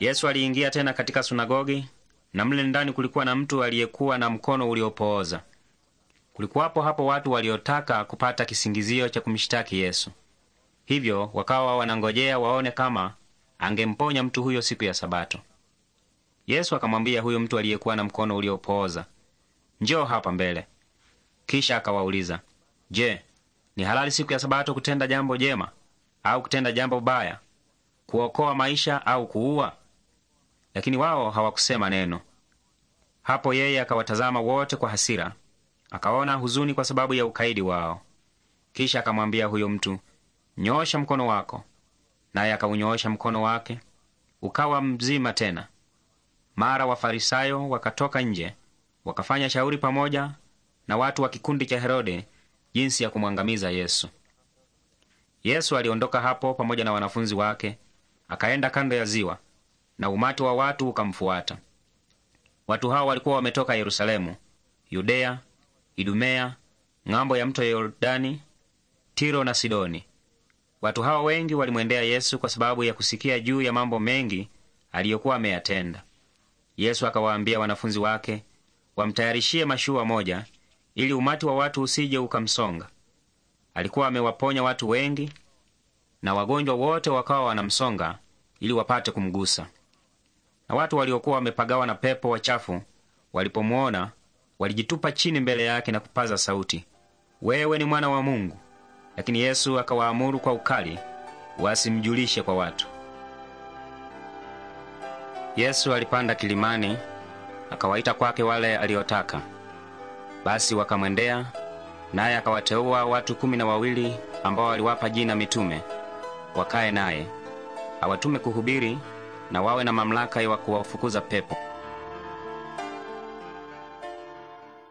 Yesu aliingia tena katika sunagogi, na mle ndani kulikuwa na mtu aliyekuwa na mkono uliopooza. Kulikuwapo hapo watu waliotaka kupata kisingizio cha kumshitaki Yesu, hivyo wakawa wanangojea waone kama angemponya mtu huyo siku ya Sabato. Yesu akamwambia huyo mtu aliyekuwa na mkono uliopooza, njoo hapa mbele. Kisha akawauliza, je, ni halali siku ya Sabato kutenda jambo jema au kutenda jambo baya, kuokoa maisha au kuua? lakini wao hawakusema neno. Hapo yeye akawatazama wote kwa hasira, akaona huzuni kwa sababu ya ukaidi wao. Kisha akamwambia huyo mtu, nyoosha mkono wako. Naye akaunyoosha mkono wake, ukawa mzima tena. Mara Wafarisayo wakatoka nje, wakafanya shauri pamoja na watu wa kikundi cha Herode jinsi ya kumwangamiza Yesu. Yesu aliondoka hapo pamoja na wanafunzi wake, akaenda kando ya ziwa na umati wa watu ukamfuata. Watu hao walikuwa wametoka Yerusalemu, Yudea, Idumea, ng'ambo ya mto Yordani, Tiro na Sidoni. Watu hao wengi walimwendea Yesu kwa sababu ya kusikia juu ya mambo mengi aliyokuwa ameyatenda. Yesu akawaambia wanafunzi wake wamtayarishie mashua moja, ili umati wa watu usije ukamsonga. Alikuwa amewaponya watu wengi, na wagonjwa wote wakawa wanamsonga ili wapate kumgusa na watu waliokuwa wamepagawa na pepo wachafu walipomwona walijitupa chini mbele yake na kupaza sauti, wewe ni mwana wa Mungu. Lakini Yesu akawaamuru kwa ukali wasimjulishe kwa watu. Yesu alipanda kilimani akawaita kwake wale aliotaka. Basi wakamwendea, naye akawateua watu kumi na wawili ambao aliwapa jina mitume, wakaye naye awatume kuhubiri na wawe na mamlaka ya kuwafukuza pepo.